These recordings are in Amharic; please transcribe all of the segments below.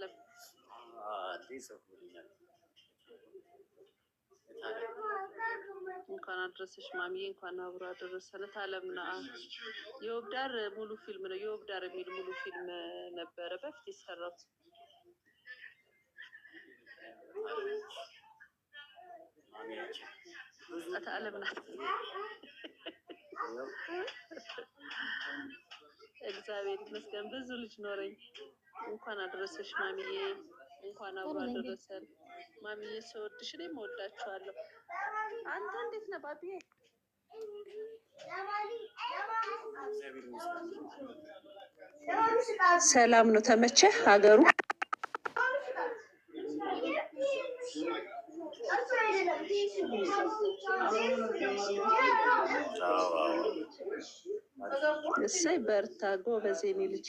አለም እንኳን አድረሰሽ ማሚዬ፣ እንኳን አብሮ አደረሰ። ለታለም ና የወብዳር ሙሉ ፊልም ነው። የወብዳር የሚል ሙሉ ፊልም ነበረ በፊት የሰራት አለም ናት። እግዚአብሔር ይመስገን ብዙ ልጅ ኖረኝ። እንኳን አደረሰሽ ማሚዬ፣ እንኳን አብሮ አደረሰን ማሚዬ። ስወድሽ እኔም እወዳችኋለሁ። አንተ እንዴት ነህ ባቢዬ? ሰላም ነው? ተመቸ ሀገሩ? እሰይ በርታ ጎበዝ የኔ ልጅ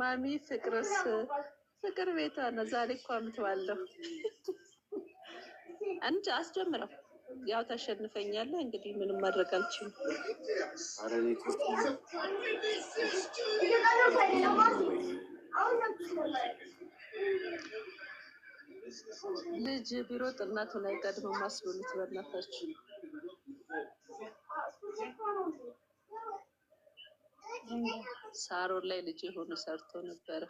ማሚ ፍቅርስ ፍቅር ቤቷ ነው። ዛሬ እኮ አምትዋለሁ እንጂ አስጀምረው። ያው ታሸንፈኛለህ እንግዲህ ምንም ማድረግ አልችልም። ልጅ ቢሮ ጥናቱን አይቀድምም አስብሉት በእናታችሁ ሳሮን ላይ ልጅ የሆኑ ሰርቶ ነበረ።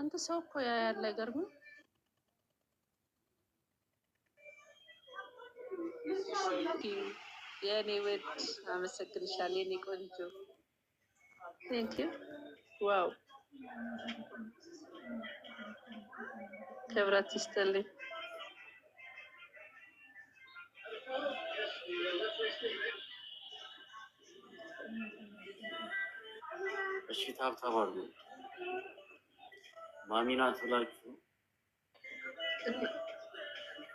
አንተ ሰው እኮ ያያል ገርሙ የእኔ ውድ አመሰግንሻል የኔ ቆንጆ ቴንክ ዩ ዋው ክብረት ይስጥልኝ። እሺ ታብታባሉ ማሚና ትላችሁ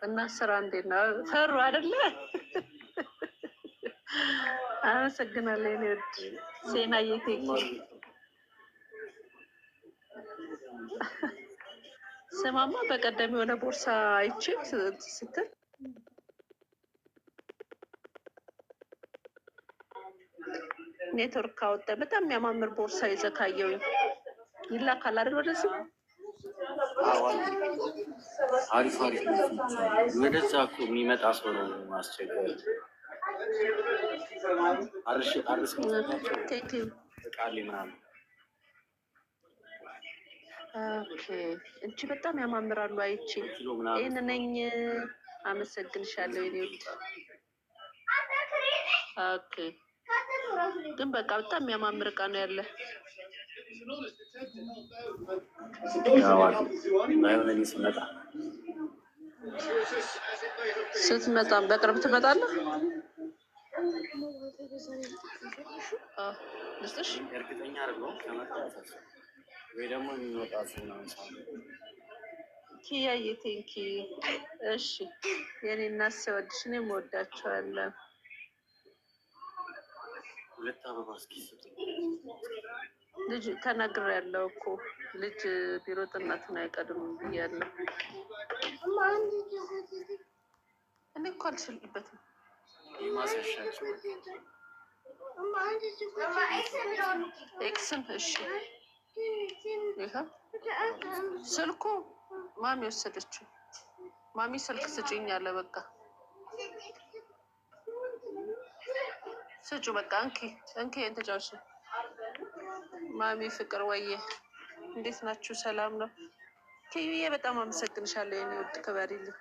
እና ስራ እንዴት ነው? ፈሩ አይደለ? አመሰግናለሁ። ሴና እየቴክ ስማማ በቀደም የሆነ ቦርሳ አይቼ ስትል ኔትወርክ አወጣ። በጣም የሚያማምር ቦርሳ ይዘህ ካየሁኝ ይላካል አይደል? ወደዚህ አሪፍ አሪፍ ወደዛ እኮ የሚመጣ ሰው ነው ማስቸገር እንቺ በጣም ያማምራሉ። አይቼ ይህን ነኝ። አመሰግንሻለሁ የኔ ውድ። ኦኬ ግን በቃ በጣም የሚያማምር እቃ ነው ያለ። ስትመጣም በቅርብ ትመጣለህ? አምስት እርግጠኛ አድርገው ወይ ደግሞ የሚወጣ ኪያዬ ቴንኪ። እሺ የኔ እናት ሲወድሽ እኔም እወዳቸዋለሁ። ልጅ ያለው እኮ ልጅ ቢሮ ጥናትን አይቀድም ብያለሁ። እኔ እኮ አልችልበትም። ኤክስም እሺ፣ ስልኩ ማሚ ወሰደችው። ማሚ ስልክ ስጭኝ አለ። በቃ ስጩ፣ በቃ እንኪ እንኪ ተጫወች። ማሚ ፍቅር ወየ፣ እንዴት ናችሁ? ሰላም ነው? ኪዩዬ፣ በጣም አመሰግንሻለሁ የኔ ውድ፣ ክበሪልኝ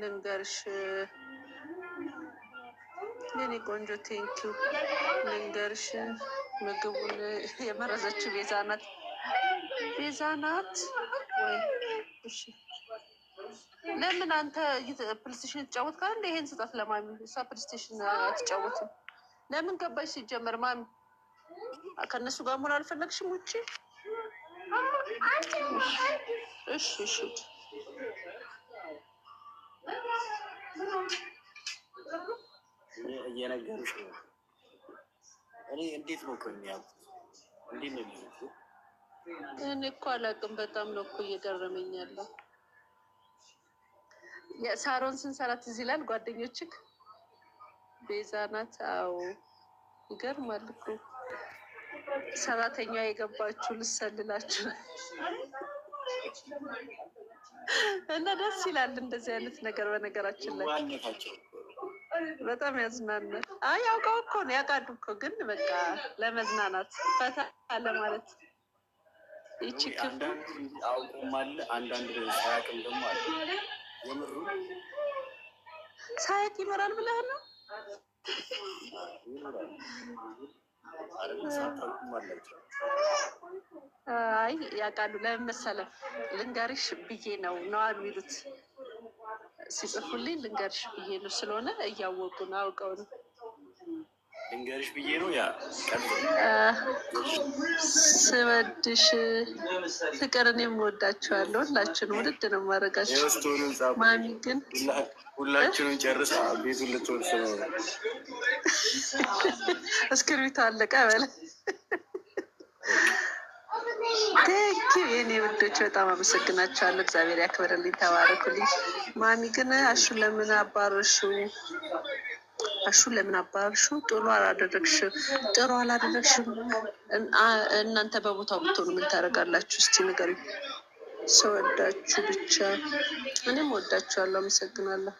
ልንገርሽ የኔ ቆንጆ ቴንኪው ልንገርሽ፣ ምግቡን የመረዘችው ቤዛ ናት። ቤዛ ናት ወይ? ለምን አንተ ፕሌስቴሽን ትጫወት ካለ እንደ ይሄን ስጣት ለማሚ። እሷ ፕሌስቴሽን አትጫወትም። ለምን ገባሽ? ሲጀመር ማሚ ከእነሱ ጋር መሆን አልፈለግሽም ውጭ። እሺ፣ እሺ እየነገሩሽ ነው። እኔ እንዴት ነው እኮ የሚያውቁት? እንዴት ነው የሚሉት? እኔ እኮ አላውቅም። በጣም ነው እኮ እየገረመኝ ያለው። የሳሮን ስንሰራ ትዝ ይላል። ጓደኞችህ ቤዛ ናት። አዎ ይገርማል እኮ ሰራተኛ የገባችሁ ልሰልላችሁ እና ደስ ይላል እንደዚህ አይነት ነገር። በነገራችን ላይ በጣም ያዝናናል። አይ ያውቀው እኮ ነው ያውቃዱ እኮ ግን በቃ ለመዝናናት ፈታ ለማለት ይቺ ክፉ አውቁም አለ አንዳንድ ሳያቅም ደግሞ አለ ሳያቅ ይኖራል ብለህ ነው አይ ያውቃሉ። ለምን መሰለህ ልንገርሽ ብዬ ነው ነው የሚሉት ሲጽፉልኝ፣ ልንገርሽ ብዬ ነው ስለሆነ እያወቁ ነው አውቀው ነው ልንገርሽ ብዬ ነው። ያ ስወድሽ ፍቅርን እኔም ወዳችኋለሁ። ሁላችንም ውድድ ነው የማደርጋችሁ። ማሚ ግን ሁላችንም ጨርሳ ቤቱን ልትወርስ ነው እስክሪብቶ አለቀ በለ ቴንኪው የኔ ውዶች በጣም አመሰግናቸዋለሁ። እግዚአብሔር ያክብርልኝ። ተባረኩልኝ። ማሚ ግን አሹ ለምን አባረሹ? አሹ ለምን አባረሹ? ጥሩ አላደረግሽ፣ ጥሩ አላደረግሽም። እናንተ በቦታው ብትሆኑ ምን ታደርጋላችሁ? እስቲ ንገሩኝ። ሰወዳችሁ ብቻ እኔም ወዳችኋለሁ። አመሰግናለሁ።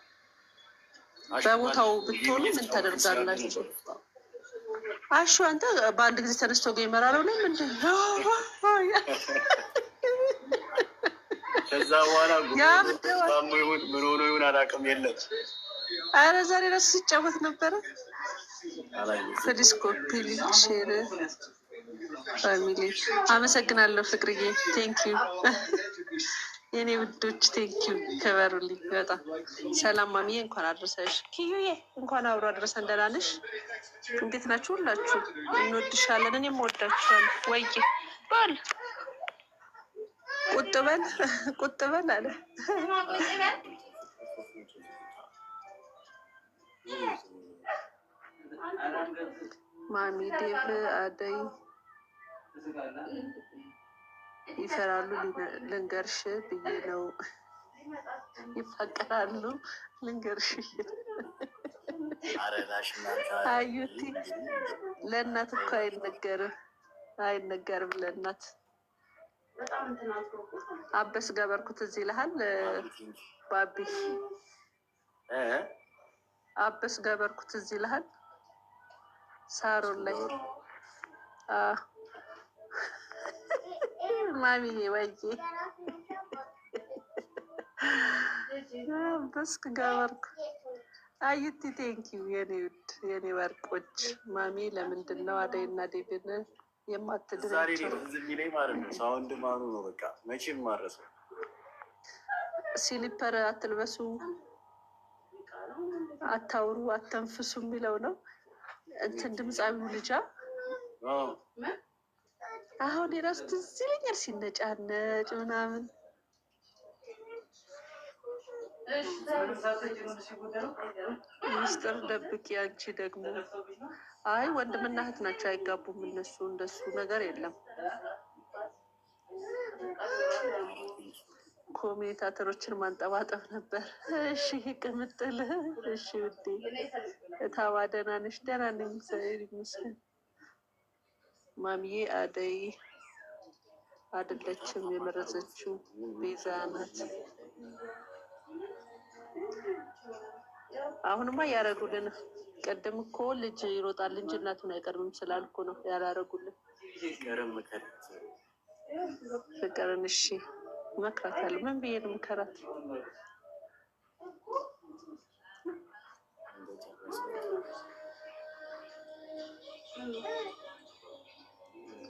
በቦታው ብትሆኑ ምን ተደርጋላችሁ? አሹ አንተ በአንድ ጊዜ ተነስቶ ገ ይመራለው ላይ ምንድን ከዛ በኋላ ይሁን ምን ሆኖ ይሁን አላውቅም። የለት አረ ዛሬ ራሱ ሲጫወት ነበረ። ዲስኮፒ ሼር ፋሚሊ አመሰግናለሁ። ፍቅርዬ ዩ የኔ ውዶች ቴንኪ ክበሩልኝ። በጣም ሰላም ማሚዬ፣ እንኳን አድረሰሽ። ኪዩዬ እንኳን አብሮ አድረሰን። ደህና ነሽ? እንዴት ናችሁ? ሁላችሁ እንወድሻለን፣ እኔም ወዳችኋል። ወይ በል ቁጥ በል ቁጥ በል አለ ማሚ ዴቭ አደይ ይፈራሉ ልንገርሽ ብዬ ነው። ይፈቀራሉ ልንገርሽ። አዩቲ ለእናት እኮ አይነገርም፣ አይነገርም ለእናት አበስ ገበርኩት እዚህ ይልሃል ባቢ አበስ ገበርኩት እዚህ ይልሃል ሳሮን ላይ ማሚ ወይዬ በስክ ገበርኩ አይቲ ቴንኪዩ የኔ ውድ የኔ ወርቆች ማሚ ለምንድን ነው አደይ እና ዴብን የማትድረው ሲሊፐር አትልበሱ አታውሩ አተንፍሱ የሚለው ነው እንትን ድምፃዊው ልጃ አሁን የራሱ ትዝ ይለኛል ሲነጫነጭ ምናምን ሚስጥር ደብቂ። አንቺ ደግሞ አይ ወንድምና እህት ናቸው አይጋቡም። እነሱ እንደሱ ነገር የለም። ኮሜንታተሮችን ማንጠባጠብ ነበር። እሺ ቅምጥል፣ እሺ ውዴ። እታባ ደህና ነሽ? ደህና ነኝ፣ እግዚአብሔር ይመስገን። ማሚዬ አደይ አይደለችም፣ የመረዘችው ቤዛ ናት። አሁንማ ያረጉልን። ቀደም እኮ ልጅ ይሮጣል እንጂ እናቱን አይቀድምም ስላልኩ ነው ያላረጉልን። ፍቅርን እሺ መክራታል። ምን ብዬ ነው ምከራት?